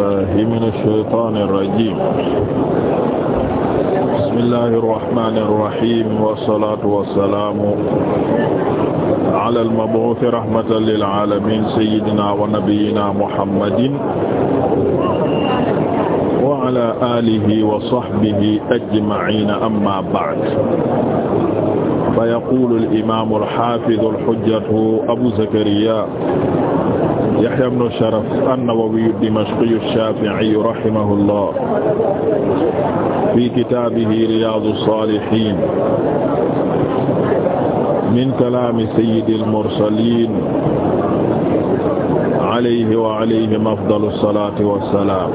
billahi mina shaytaani rajiim bismillahi rahmaani rahiim wa salaatu wa salaamu ala al-mabuusi rahmatan lil aalamiin sayyidinaa wa nabiyyinaa Muhammadin wa ala aalihi wa sahbihi ajma'iin amma ba'd fa yaquulu al-imaamu al-haafidu al-hujjatu Abu Zakariyaa Yahya ibn Sharaf an-Nawawi ad-Dimashqi ash-Shafi'i rahimahullah fi kitaabihi Riyaadu as-Saalihiin min kalaami sayyidil mursaliin alayhi wa alayhim afdalu salaati wa salaam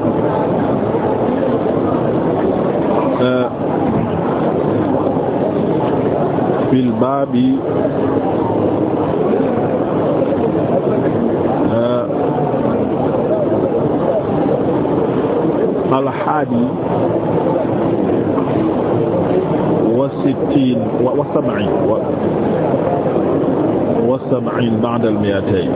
fil baabi alxaadi wa sittiin wa sab'iin wa sab'iin ba'da al-mi'atayn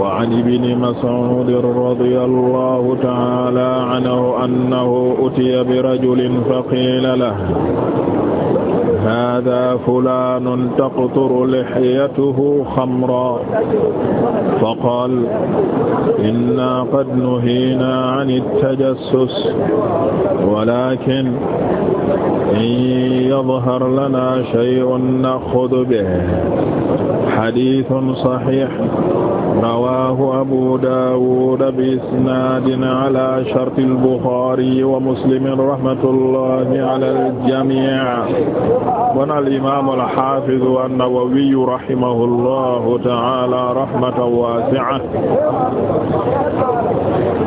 wa an ibni Mas'uud radiyallaahu ta'aalaa anhu annahu utiya bi rajulin faqiila lahu haadaa fulaanun taqturu lihyatuhu xamran faqaala innaa qad nuhiinaa ani tajassus walaakin in yadhar lanaa shay'un na'xudu bihi hadiisun sahiih rawaahu abuu daawuud bi-isnaadin alaa sharti al-buxaari wa muslim rahmatullaahi alal jamii' kon al imaam al haafiz an-Nawawi rahimahullahu ta'ala rahmatan waasi'a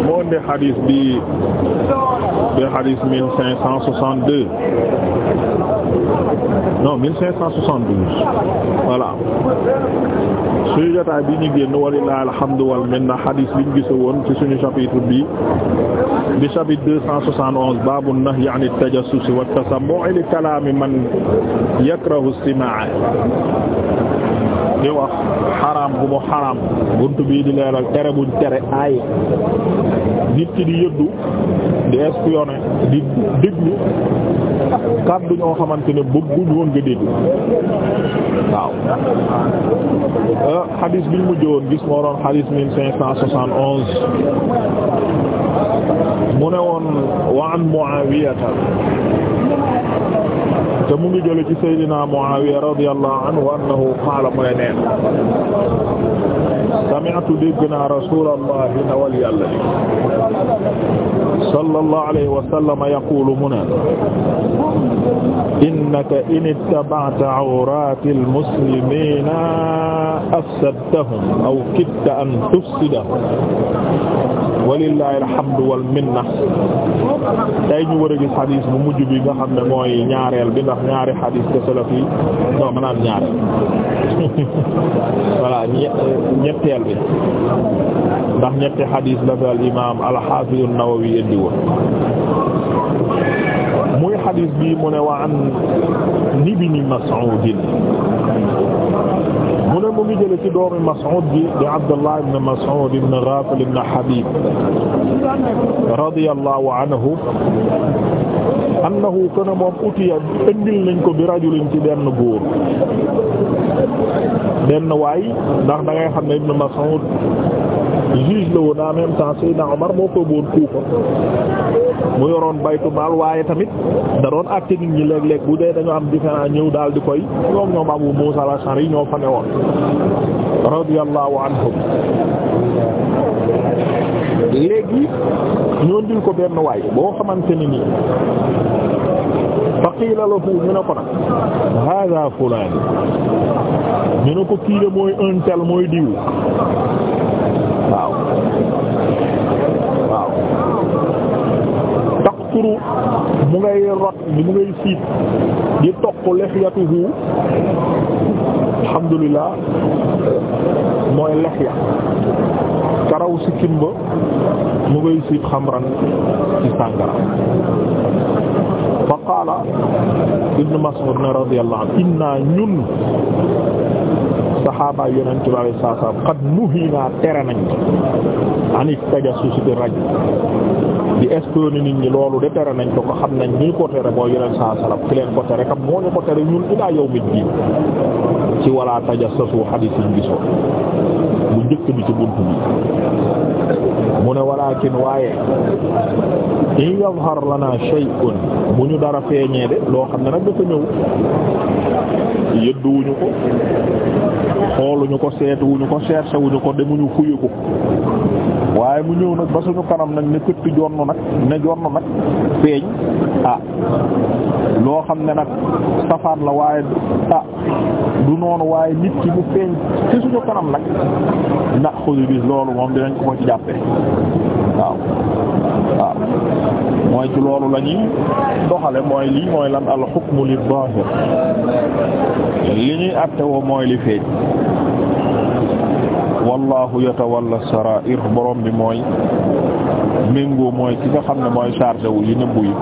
moo di hadis bi di hadis mille cinq cent soixante deux non mille cinq cent soixante douze voilà. suñu jotaay di ñu génn walillahi alhamdu wal minna xadis liñ gisa woon ci suñu chapitre bi di chapitre deux cent soixante an at-tajassus wa at-tasammu' li man yakrahu istimaa di wax xaraam bu mu xaraam bunt bii di tere buñ tere aaye nit ki di di espionné di déglu kàddu ñoo xamante ne bëgguñ woon nga déglu waaw euh, xadis biñ mujj woon gis moo doon xadis mille cinq cent soixante onze mu ne woon wa an Muawiyata te mu ngi jële ci Seydina Muawiya radiyallahu anhu annahu qaala mu ne neen sami'tu dégg naa rasulallahi ndawal yàlla li sallallahu alayhi wa sallam yaqulu mu ne innaka in ittaba'ta awratil muslimina afsadtahum aw kidta an tufsidahum walillahi alhamdu wal minna tey ñu war a gis xadiis bu mujj bi nga xam ne mooy ñaareel bi ndax ñaari xadiis kese la fii non ñaareel voilà ñetteel bi ndax ñetti xadiis la fi al imaam al xaafidu nawawi indi woon muy xadiis bi mu ne wa an ibni Mas'ud ne mu ngi jële ci doomi Mas'ud bi di Abdullah ibn Mas'ud ibn Ghafil ibn Habib radiyallahu anhu annahu kana moom utiya indil nañ ko bi rajulin ci benn góor benn waay ndax dangay xam ne Ibn Mas'ud juge la woon en même temps Seydina Omar moo ko boon Kuufa mu yoroon baytu maal waaye tamit da doon àtte nit ñi léeg-léeg bu dee dañoo am différent ñëw daal di koy ñoom ñoom Abu Muusaa al-Ash'ari ñoo fa newoon radiyallahu anhum léegi ñoo dil ko benn waay boo xamante ni nii qiila lahu ñu ne ko nag hada fulaan ñu ne ko kii de mooy un tel mooy diw taquru mu ngay rot mu ngay siit di toq lexyatuhu alhamdulillah mooy lexya karaw si kimba mu ngay siit xamran ci sàngara fa qaala ibn Mas'ud ne radiyallahu anhu inna ñun saxaaba yonent bi alayhi salaam qad tere nañ ani tajassus bi rajul di espionner nit ñi loolu de tere nañ ko ko xam nañ ñu ko tere boo yeneen saa sallam ki leen ko tere kam moo ñu ko tere ñun ilaa yow mit ji ci wala tajassasu hadith yi gisoo bu njëkk bi ci bunt bi mu ne walakin waaye in yazhar lana shay'un bu ñu dara feeñee de loo xam ne nag dafa ñëw yëdduwuñu ko ñu ko seetuwuñu ko cherché wuñu ko demuñu fuyu waaye mu ñëw nag ba suñu kanam nag ne këtt jonn nag ne jonn nag feeñ ah loo xam ne nag safaan la waaye ah du noonu waaye nit ki bu feeñ ci suñu kanam nag na xudu bi loolu moom dinañ ko ko jàppe waaw waaw mooy ci loolu la ñuy doxale mooy lii mooy lan al hukmu li zahir li ñuy àtte woo mooy li feeñ wallahu yatawalla sarair borom bi mooy méngoo mooy ki nga xam ne mooy chargé wu yi nëbbu yi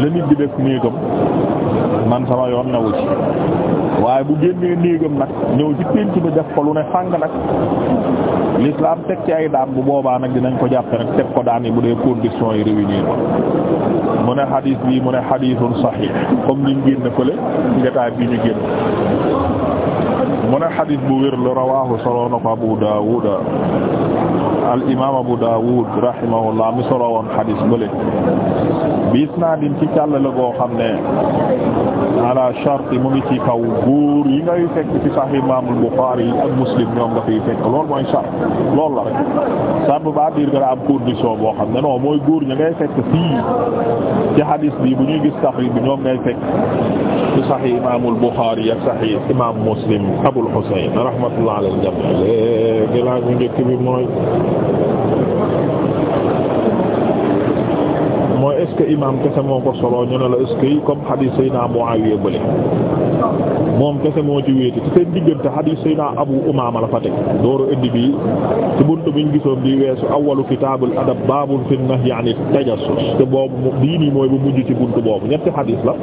la nit di def néegam man sama yoon newu ci waaye bu génnee néegam nag ñëw ci pénc bi def ko lu ne fàng nag l'islam teg ci ay daan bu boobaa nag dinañ ko jàppe nag teg ko daan yi bu dee conditions yi réunir ko mu ne xadiis bii mu ne xadiisun saxiix comme niñ génn fële ci bi ñu génn mu ne xadis bu wér la rawaahu solo na ko Abu Daawud al imaam Abu Daawud rahimahullah mi solo woon xadis bële bi isnaadin ci càllale goo xam ne ala sharti mu ngi ci kaw góor yi ngay fekk ci Sahih imaam Buxaari yi ak Muslim ñoom nga fiy fekk loolu mooy shart loolu la rek sart ba diir nga am condition boo xam ne non mooy góor ñi ngay fekk fii ci xadis bi bu ñuy gis Sahih bi ñoom ngay fekk ci Sahih imaam Buxaari yi ak Sahih imaam Muslim Muslim Abul Husayn rahmatullah alal jami' léegi laaj bu njëkk bi mooy que imaam kese moo ko solo ñu ne la est-ce que comme hadith sayna Muawiya bële moom kese moo ci wéete ci seen diggante hadith sayna Abu Umaama la fa teg dooru indi bi ci buntu biñ gisoon bi weesu awwalu kitaabul adab baabun fi nahyi ani tajassus te boobu bii nii mooy bu mujj ci buntu boobu ñetti hadith la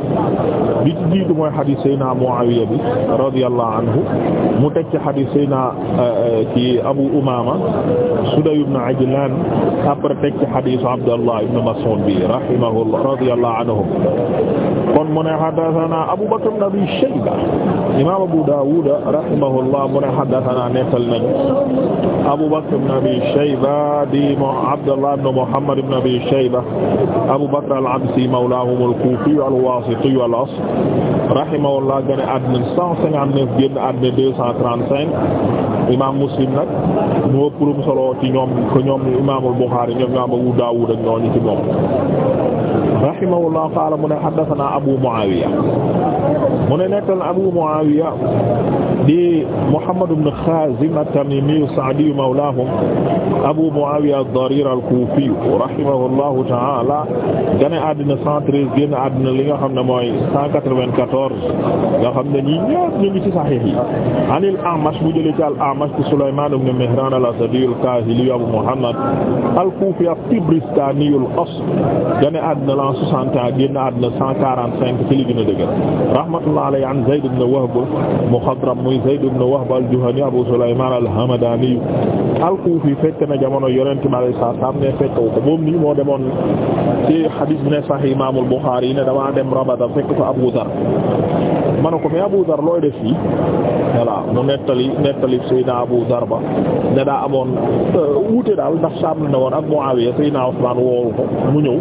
bi ci jiitu mooy hadith sayna Muawiya bi radiyallahu anhu mu teg ci hadith sayna euh, euh, ci Abu Umaama Sudayy Ajlan après teg ci hadith Abdallah ibn Mas'ud bi rahimahullah radiyallahu anhu kon mu ne haddathana Abu Bakr ibn Abi Shayba imam Abu Dawud rahimahullah mu ne haddathana nettal nañu Abu Bakr ibn Abi Shayba di Abdullah ibn Muhammad ibn Abi Shayba Abu Bakr al-Absi mawlahum al-Kufi al-Wasiti al-asl rahimahullah gane àddina 159 génn àddina 235 imam Muslim nag moo ëpp lu mu solo ci ñoom ko ñoom imam al-Bukhari ñoom imam Abu Dawud ak ñooñu ci moom rahimahullah qaala mu ne haddathana Abu Muawiya mu ne nettal Abu Muawiya di Muhammad ibn Khazim at-Tamimi as-Sa'di mawlahum Abu Muawiya ad-Darir al-Kufi rahimahullahu ta'ala gane àddina 113 génn àddina li nga xam ne mooy 194 nga xam ne ñi ñëpp ñu ngi ci sahih yi an al-A'mash mu jëlee ci al-A'mash ci Sulayman ibn Mihran al-Asadi al-Kahili Abu Muhammad al-Kufi at-Tabaristani al-asl gane àddina l'an 61 génn ci li a dëgër rahmatullah alayhi an Zayd ibn Wahb al-Mukhadram muy Zayd ibn Wahb al-Juhani Abu Sulayman al-Hamadani al-Kufi fekk na jamono Yonent bi alayhi salaam ne fekk ko moom nii moo demoon ci hadith bi ne Sahih Imam al ne damaa dem Rabada fekk fa Abu Dharr ma ne ko mais Abu Dar looy def fii voilà mu nettali nettali Seydina Abu Dar ba ne daa amoon euh, wuute daal ndax Saam ne woon ak Muawiya Seydina Usman woowu ko mu ñëw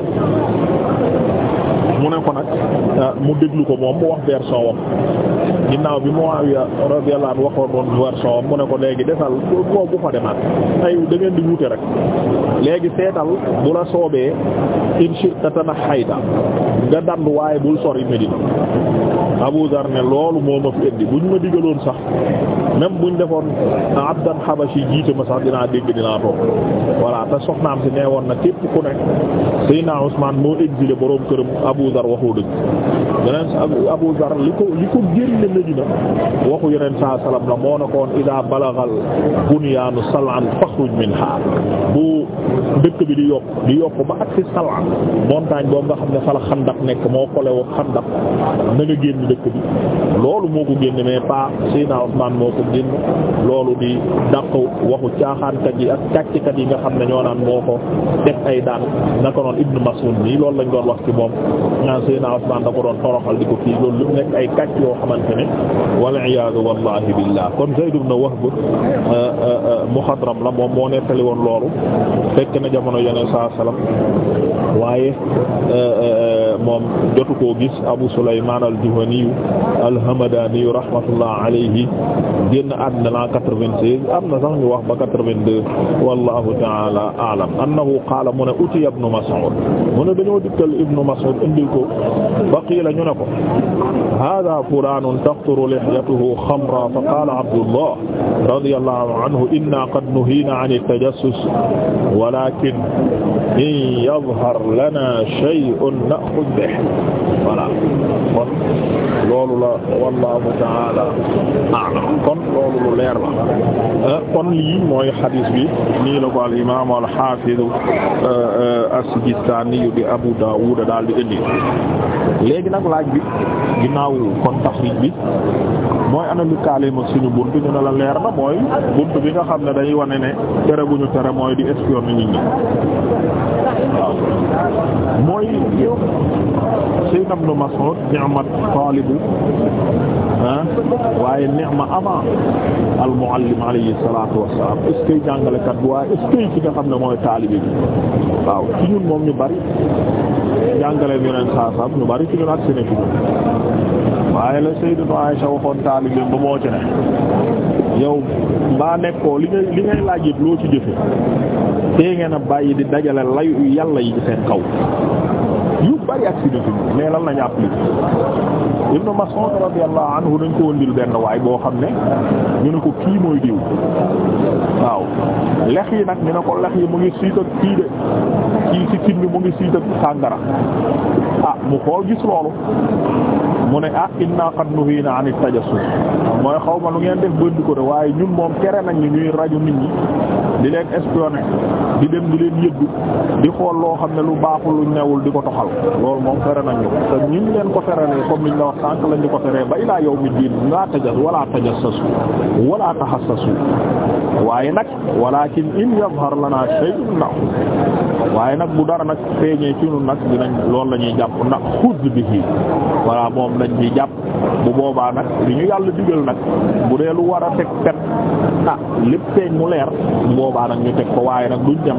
mu ne ko nag euh, mu déglu ko moom mu wax version wam ginnaaw bi Muawiya radiyallahu anhu waxoon woon version mu ne ko léegi defal boo bu fa demaat ay da ngeen di wuute rek léegi seetal bu la soobee in shi'ta tanahayta nga dandu waaye bul sori Medina Abu Dar ne loolu moo ma fi indi buñ ma digaloon sax même buñ defoon abdan habashi jiite ma sax dinaa dégg dinaa toog voilà te soxnaam si nee woon na képp ku nekk Seydina Ousmane moo exilé boroom këram Abu Dar waxoo dëgg beneen Abu Dar li Medina waxu yeneen saa salaam la moo nekkoon idaa balagal bunyaanu sal'an fakhruj minha bu dëkk di yokk di yokk ba ak si salaa montagne boobu nga xam ne fa la xandak nekk moo xolewoo xandak na nga génn dëkk bi loolu moo ko génn mais pas Seydina Usmaan moo ko génn loolu di dàq waxu caaxaankat yi ak kàcckat yi nga xam ne ñoo naan moo ko teg ay daan naka noon Ibnu Mas'ud nii loolu lañ doon wax ci moom ñaan Seydina Usmaan da ko doon toroxal di ko fii loolu nekk ay kàcc yoo xamante ne wal iyaadu wallahi billah kon Zayd ibn Wahb euh, euh, euh, muxadram la moom moo nettali woon loolu jamono yeneen saa salaam waaye euh, euh, moom jotu koo gis Abu Sulaymaan al-Juhani al-Hamadani rahmatullah alayhi génn àddina la 96 am na sax ñu wax ba 82 wallahu ta'ala a'lam annahu qaala mu ne utiya Ibn Mas'ud mu ne dañoo dikkal Ibn Mas'ud indil ko fa qiila ñu ne ko hada fulanun taqturu lihyatuhu xamra fa qaala abdullah radiyallahu anhu inna qad nuhiina an at-tajassus walakin in yadhar lana shay'un na'khudh bihi voilà kon loolu la wallahu ta'ala a'lam kon loolu lu leer la eh, kon lii mooy xadis bi nii la ko al imaam al haafiz eh, eh, as-Sijistaani di Abu Daawuud daal di indi léegi nag laaj bi ginnaaw ginnaaw kon taxriij bi mooy ana lëkkaaleem suñu bunt ñu ne la leer na mooy bunt bi nga xam ne dañuy wane ne tere bu ñu tere mooy di espionner nit ñi waaw mooy Sayyid Ibn Mas'ud ni'mat taalibu ah waaye neex ma avant al muallim alayhi salaatu wassalaam est-ce jàngalekat bi waaye est ci nga xam ne mooy taalibe bi waaw ci ñun moom ñu bari jàngale ñu neen saa saam ñu bari ci ñun ak seen ci ñun waaye la Sayyidatu Aisha waxoon taalibe ba moo ci ne yow mbaa nekkoo li ngay li ngay laaj yëpp loo ci jëfe tee ngeen a bàyyi di dajale layu yàlla yi ci seen kaw yu bari accident yi mais lan lañu appliqué Ibn Mas'ud radiyallahu anhu dañ ko wëndil benn waay boo xam ne ñu ne ko kii mooy diw waaw lex yi nag ñu ne ko lex yi mu ngi siit ak kii de kii ci kin bi mu ngi siit ak sàngara ah mu xool gis loolu mu ne ah inna qad nuhiina ani tajassus mooy xaw ma lu ngeen def bënd ko de waaye ñun moom tere nañ ñu ñuy rajo nit ñi di leen espionner di dem di leen yëddu di xool loo xam ne lu baaxul lu newul di ko toxal loolu moom tere nañ ñu ñu leen ko teree comme liñ la wax sànq lañ di ko laa ba ilaa yawmi diin laa tajas wala tajassasu wala tahassasu waaye nag walaa walakin in yazhar lana shay'un waaye nag bu dara nag feeñee ci ñun nag dinañ loolu la ñuy jàpp ndax bi bihi voilà moom lañ ci jàpp bu boobaa nag li ñu yàlla digal nag bu dee lu war a teg pet ah lépp feeñ mu leer bu boobaa nag ñu teg ko waaye nag duñ dem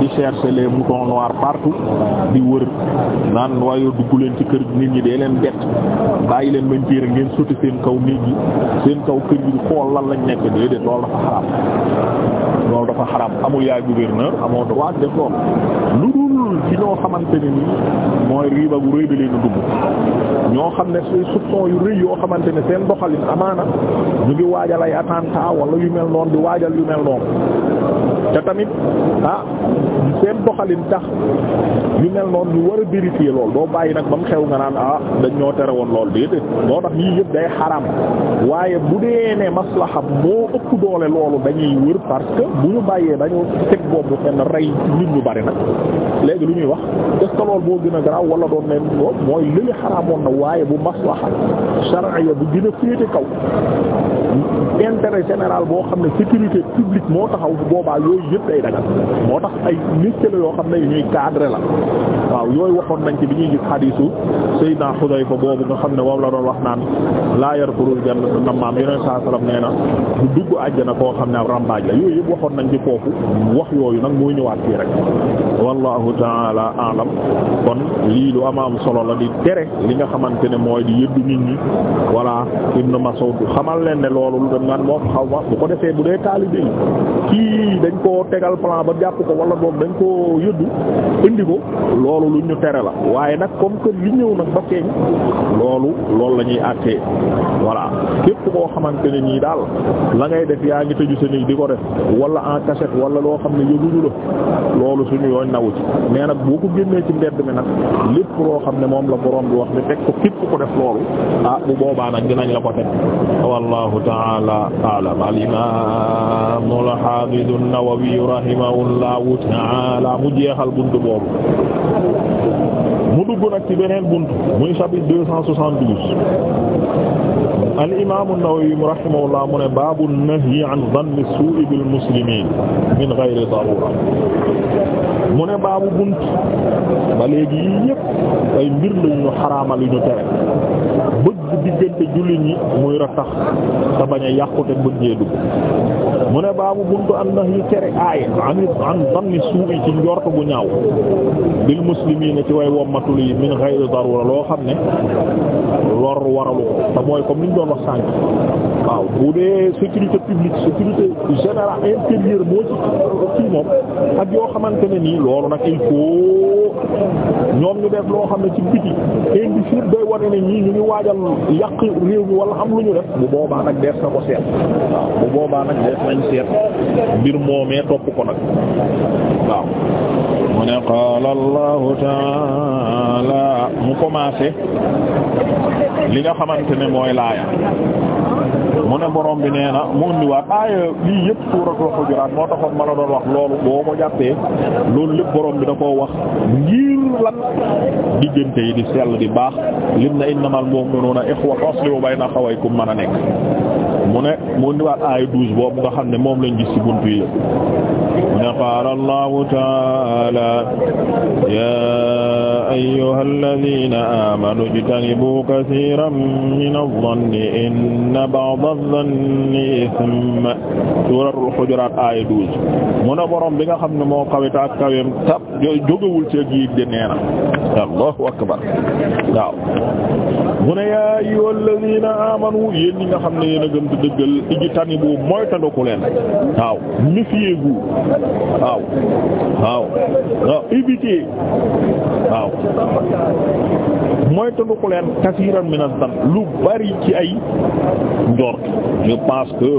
di chercher les moutons noirs partout di wër naan waaye dugg leen ci kër nit ñi dee leen bett bàyyi leen bañ téere ngeen sotti seen kaw nit ñi seen kaw kër gi di xool lan lañ nekk déedéet loolu dafa xaraam loolu dafa xaraam amul yaay gouverneur amoo droit def loolu lu dul ci ñoo xamante nii mooy riba gu rëy bi leen dugg ñoo xam ne suy yu rëy yoo xamante ne seen doxalin amaana ñu ngi waajal ay attentat wala yu mel noonu di waajal yu mel noonu tamit ah, seen doxalin tax yu mel noonu ñu war a vérifier lool doo bàyyi nag ba mu xew nga naan ah dañ ñoo tere woon lool déedéet moo tax yii yëpp day xaram waaye bu dee ne maslaha moo ëpp doole loolu dañuy wër parce que bu ñu bàyyee dañoo teg boobu fenn rey nit ñu bari nag léegi lu ñuy wax est-ce lool boo gën a garaaw wala doon ne lool mooy lële xaraamoon na waaye bu maslaha shar'iyya bu gën a féete kaw intérêt général boo xam ne sécurité publique moo a boobaa yooyu yëpp day dagal moo tax ay métier la yoo xam ne yu ñuy cadre la waaw yooyu waxoon nañ ci bi ñuy gis xadiisu Seydina Xudayfa boobu nga xam ne moom la doon wax naan laa yarfurul jannata nammaam yeneen saa salaam nee na du dugg àjjana koo xam ne ab rambaaj la yooyu yëpp waxoon nañ ci foofu wax yooyu nag mooy ñëwaat fii rek wallahu taala alam kon lii lu ama am solo la di tere li nga xamante ne mooy di yëddu nit ñi voilà Ibn Mas'ud xamal loolu man moom xaw ma bu ko defee bu dee taalibe yi kii dañ koo tegal plan ba jàpp ko wala boog dañ ko yëddu indi ko loolu lu ñu tere la waaye nag comme que li ñëw nag ba feeñ loolu lool lañuy ñuy àttee voilà képp koo xamante ne nii daal la ngay def yaa ngi tëju sa néeg di ko def wala en cachette wala loo xam ne yëguñu la loolu suñu yoon nawu ci mais nag boo ko génnee ci mbedd mi nag lépp loo xam ne moom la borom bi wax ni teg ko képp ko def loolu ah bu boobaa nag dinañ la ko teg wallahu ta'ala a'lam al-Haafiz an-Nawawi rahimahullahu ta'ala mu jeexal buntu boobu mu dugg nag ci beneen buntu muy chapitre deux cent soixante-douze al imaamu Nawawi rahimahullah mu ne baabu nahyi an zanni suu'i bil muslimiin min ghayri daruura mu ne baabu bunt ba léegi yii yëpp ay mbir lañu ñu xaraamal tere bëgg diggante jullit ñi muy ratax te bañ yàqute bëggee dugg mu ne baabu buntu an nahyi tere aaye an an zanni suu'i ci njort bu ñaaw bil muslimiin ci way wommatul yi min ghayri daruura loo xam ne lor waralu ko te mooy comme doon wax sànq waaw bu dee sécurité publique sécurité générale intérieure moo ci kii moom ak yoo xamante ne nii loolu nag il faut ñoom ñu def loo xam ne ci biti indi doy wane ne ñii ñu ngi waajal yàq réew mi wala am lu ñu def bu boobaa nag dees na ko seet waaw bu boobaa nag dees topp ko nag waaw mu ne qaala allahu taala mu commencé li nga xamante ne mooy laaya mu ne borom bi nee na mu indiwaat aaya lii yëpp suuratul Hujuraat moo taxoon ma la doon wax loolu boo ko jàppee loolu lépp borom bi da koo wax ngir lan diggante yi di sell di baax lim na innamal mu'minuuna ixwa faslihu bayna axawaykum mën a nekk mu ne mu ndiwaat aaya douze boobu nga xam ne moom lañ gis ci buntu yi mu ne qaala allahu taala yaa ayyuha alladina aamanu ijtanibu kasiran min adh-dhanni inna ba'da adh-dhanni ithm suuratul hujuraat aaya douze mu ne borom bi nga xam ne moo kawe ta ak kaweem tab jógewul ci ak yiig de nee na allahu akbar waaw mu ne yaa ayyuhal ladina amanu yéen nga xam ne yéen a gëm di dëggal ijtanibu moytandiku leen waaw méfiez-vous waaw waaw waaw évitez waaw moytandiku leen kasiiran min az lu bari ci ay njort je pense que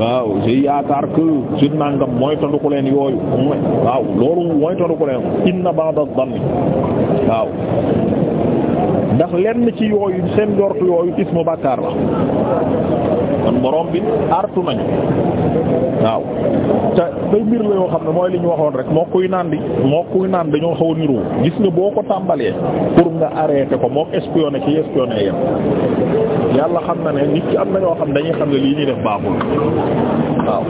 waaw je yaakaar que su nangam moytandiku leen yooyu waaw loolu moytandiku leen inna ba'da az-zanni waaw ndax lenn ci yooyu seen njortu yooyu ismu bàkkaar la kon borom bi artu nañu waaw te day mbir la yoo xam ne mooy li ñu waxoon rek moo kuy naan di moo kuy naan dañoo xaw a niroo gis nga boo ko tàmbalee pour nga arrêté ko moo espionné ci espionné yem yàlla xam na ne nit ki am na ñoo xam dañuy xam ne lii ñuy def baaxul waaw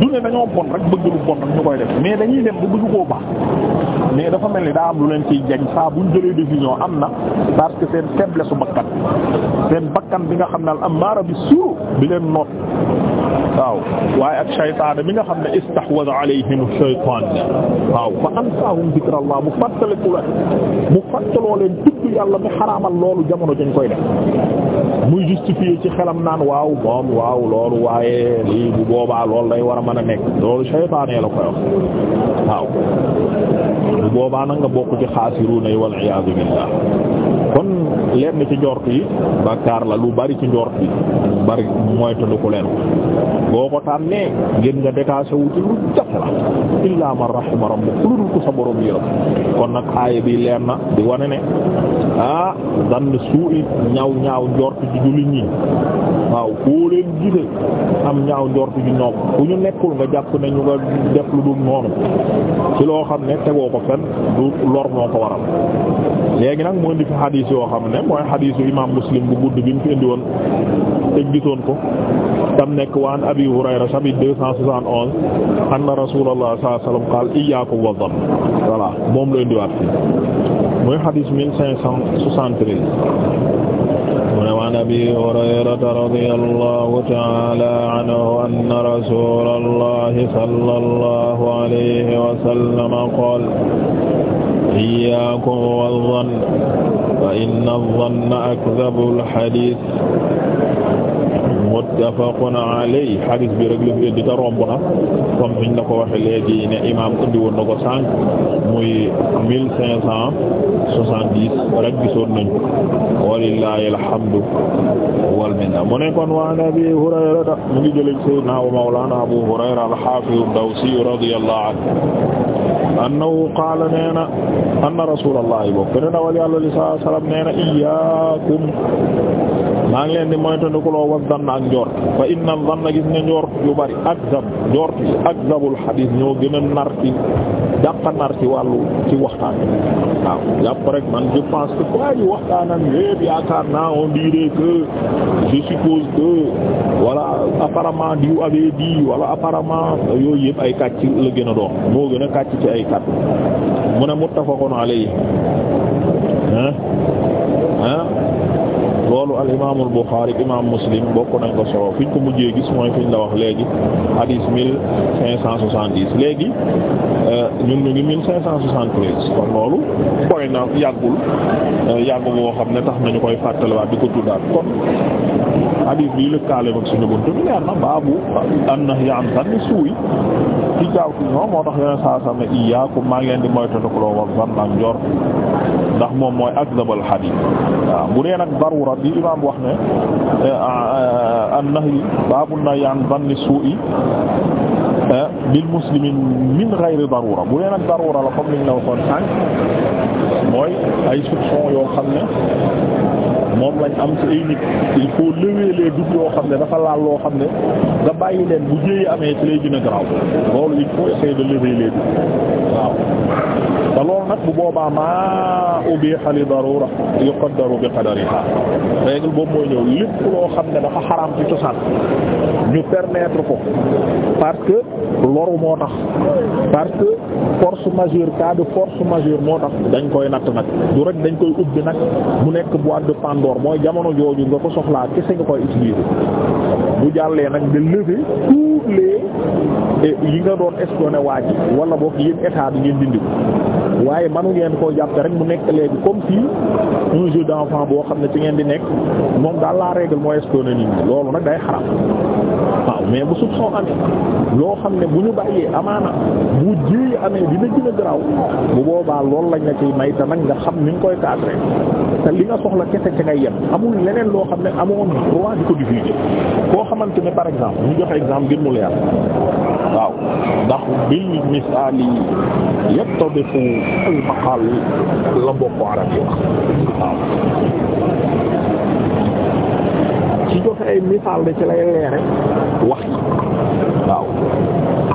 du ne dañoo bon rek bëgg lu bon rek ñu koy def mais dañuy dem bu bëgg koo baax mais dafa mel ni daa am lu leen ciy jañ saa buñ jëlee décision am na parce que seen faiblesse su bakkan seen bakkan bi nga xam ne am amaara bi suu bi leen noot waaw waaye ak saytaane mi nga xam ne istahwadha alayhim ash-shaytaan waaw fa ansaahum dhikrallah mu fàttaliku la mu fàttaloo leen tudd yàlla mi xaraamal loolu jamono dañ koy def muy justifier ci xelam naan waaw moom waaw loolu waaye lii bu boobaa loolu day war a mën a nekk loolu saytaane la koy wax waaw bu boobaa nag nga bokk ci xaasiruuna wal iyaadu billah lenn ci njort yi bàkkaar la lu bari ci njort yi bari mooy tëdd ko leen boo ko tànnee ngeen nga détaché wu lu jafe la illaa man rahima lu dul ko sa borom yërëm kon nag aaya bi leer na di wane ne ah zann suu'i ñaaw ñaaw njort ci jullit ñi waaw koo leen gise am ñaaw njort ju ñoom ku ñu nekkul nga jàpp ne ñu nga def lu dul noonu ci loo xam ne tegoo ko fen du lor ko waral léegi nag mu indi fi xadiis yoo xam ne mooy xadiisu imaam muslim bu gudd bi mu fi indi woon te gisoon ko tam nekk waan abi hurayra chapitre deux cent soixante onze anna rasulallah sallallahu alayhi wasallam qaal iyyakum wa dhann moom la indiwaat fi mooy xadis mille cinq cent soixante-treize mu ne waan abi hurayrata radiyallahu ta'ala anhu anna rasulallahi sallallahu alayhi wa sallam qaala iyyaakum waz-zann fa inna az-zanna akdhabul hadiis muttafaqun alayhi hadis bi rek la fi indi te romb na comme niñ la ko waxe léegi ne imaam indi woon na ko sànq muy mille cinq cent soixante dix rek gisoon nañ walillahi alhamdu wal minna mu ne kon wa Abi Hurayra mu ngi jëlee sayyidina wa mawlana Abu Hurayra al-hafiz ad-Dawsi radiyallahu anhu annahu qaala nee na anna rasulallahi bokk ne dawal yàlla li saa salaam nee na iyaakum maa ngi leen di moytandikuloo wa zann ak njort fa inna zann gis ne njort yu bari akzab njort yi akzabul xadiis ñoo gën a nar ci dàq ci wàllu ci waxtaan waaw jàpp rek man je pense que quoi yi waxtaanam yépp yaakaar naa on dirait que je suppose que voilà apparemment diw avait wala apparemment yooyu yépp ay kàcc la gën doon ay kat mu ne muttafaqun alayhi ah ah loolu al imaamul Buxaari imaam Muslim bokk nañ ko solo fiñ ko mujjee gis mooy fiñ la wax léegi hadis léegi euh, ñun ñu ngi cent soixante treize kon loolu koy na yàggul euh, yàggu boo xam ne tax nañu koy fàttaliwaat di ko tuddaat kon hadis bii lëkkaale ak suñu buntu bi na baabu an-nahyi an suuy ci gaawtu ñoom moo tax yeneen saa saa ne iyyaakum maa ngi leen di moytandikuloo wa zann ak njort ndax moom mooy akdabal hadith waaw bu dee nag darura bi imaam wax ne eh, an-nahy baabu nahy an zanni suu'i bil eh, muslimin min ghayri darura bu dee nag darura la comme liñ la waxoon sànq mooy ay soupçon yoo xam ne moom lañ am ci ay nit il faut lever les yoo xam ne dafa laal loo xam ne nga bàyyi leen bu jéey amee ci lay gën a garaaw loolu il faut essayer de lever loolu nag bu boobaa maa ubiha li darura yuqaddaru bi qadariha règle boobu mooy ñëw lépp loo xam ne dafa xaraam ci cosaan ñu permettre ko parce que loru moo tax parce que force majeure cas de force majeure moo tax dañ koy natt nag du rek dañ koy ubbi nag mu nekk boîte de Pandore indoor mooy jamono jooju nga ko soxlaa kese nga koy utiliser bu jàllee nag nga lever tous les yi nga doon espionné waa ji wala boog yéen état bi ngeen dindi ko waaye manu ngeen koo jàppe rek mu nekk léegi comme fii un jeu d'enfant boo xam ne ci ngeen di nekk moom daal la règle mooy espionner nit ñi loolu nag day xaram waaw mais bu soupçon amee loo xam ne bu ñu bàyyee amaana bu jéey amee dina gën a bu boobaa loolu lañ la ciy may te nag nga xam ni nga koy cadrer te li nga soxla kese ca ngay yem amul leneen loo xam ne amoon droit di ko diffuser koo xamante ne par exemple ñu jox exemple ngir mu leer waaw ndax bil misali yaqtadifu al maqaal la mbokku arab waaw ci joxe ay misaal da ci lay leere wax yi waaw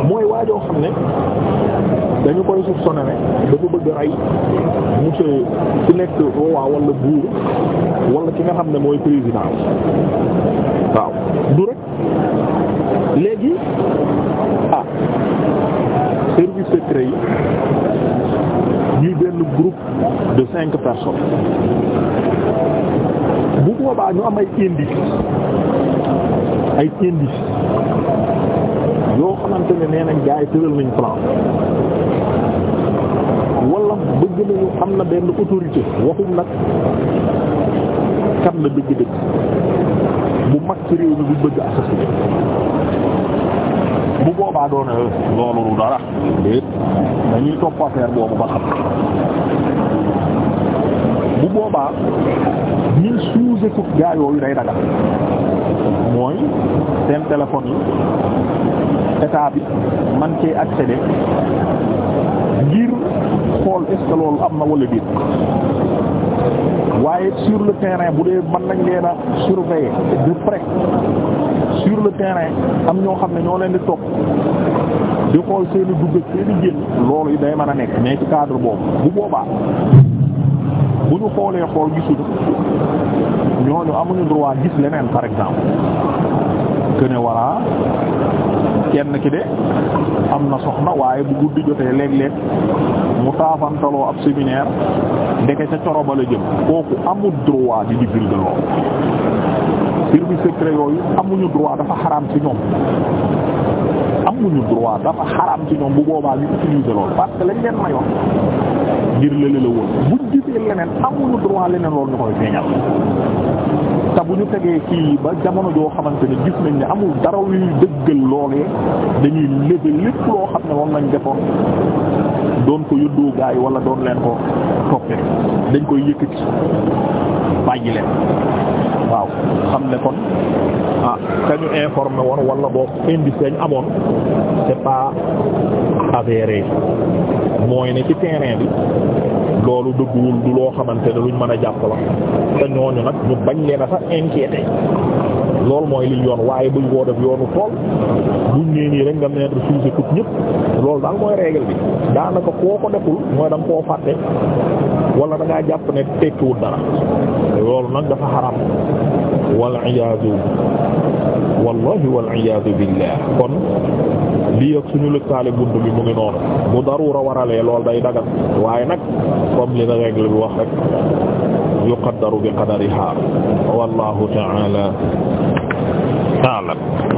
mooy waajoo xam ne dañu koy soupçonné ne dafa bëgg rey monsieur ci nekk roi wala buur wala ki nga xam ne mooy président waaw du rek léegi ah service secret yi ñuy benn groupe de cinq personnes bu boobaa ñu am ay indice ay indice yoo xamante ne nee nañ gaa yi tëral nañ plan wala bëgg nañu am na benn autorité waxum nag kan na dëgg-dëgg bu mag ci réew mi bu bëgg assassiné bu boobaa doon euh, loolu dara déet dañuy topp affaire boobu ba xam bu boobaa ñun sous-écoute gaa yooyu day dagal mooy seen téléphone yi état bi man cee accéder ngir xool est loolu am na wala déet waaye sur le terrain bu dee mën nañ leen a surveiller de près sur le terrain am ñoo xam ne ñoo leen di topp di xool seeni dugg ak seeni génn loolu yi day mën a nekk mais ci cadre boobu bu boobaa bu ñu xoolee xool gisuñu ñooñu amuñu droit gis leneen par exemple que ne kenn ki de am na soxna waaye bu guddi jotee léeg-léeg mu taafantaloo ab séminaire ndeke ca coroba la jëm kooku amul droit di divulguer lool service yooyu amuñu droit dafa xaraam ci ñoom amuñu droit dafa xaraam ci ñoom bu boobaa ñu utiliser loolu parce que lañ leen mayoon ngir lële la woon buñ gisee leneen amuñu droit leneen loolu ñu koy feeñal te bu ñu tegee kii ba jamono joo xamante ne gis nañ ne amul dara luy dëggal loolee dañuy lebe lépp loo xam ne moom nañ defoon doon ko yëddoo gaa yi wala doon leen ko toppee dañ koy yëkkati bàyyi leen waaw xam ne kon kañu informé woon wala boo indice lañ amoon c'est pas avéré mooy ne ci terrain bi loolu dëgguwul du loo xamante ne luñ mën a jàpp la te ñooñu nag ñu bañ leen a sax inquiété loolu mooy li yoon waaye buñ koo def yoonu tool buñ nee nii rek nga mettre sous écoute ñëpp loolu daal mooy règle bi daanaka koo ko deful mooy da koo fàtte wala da jàpp ne tekkiwul dara loolu nag dafa xaram wal iyaadu wallahi wal iyaadu billah kon lii ak suñu lëkkaale bunt bi mu ngi noonu bu darura waralee loolu day dagat waaye nag comme li na règle bi wax rek yuqaddaru bi qadariha wallahu ta'ala a'lam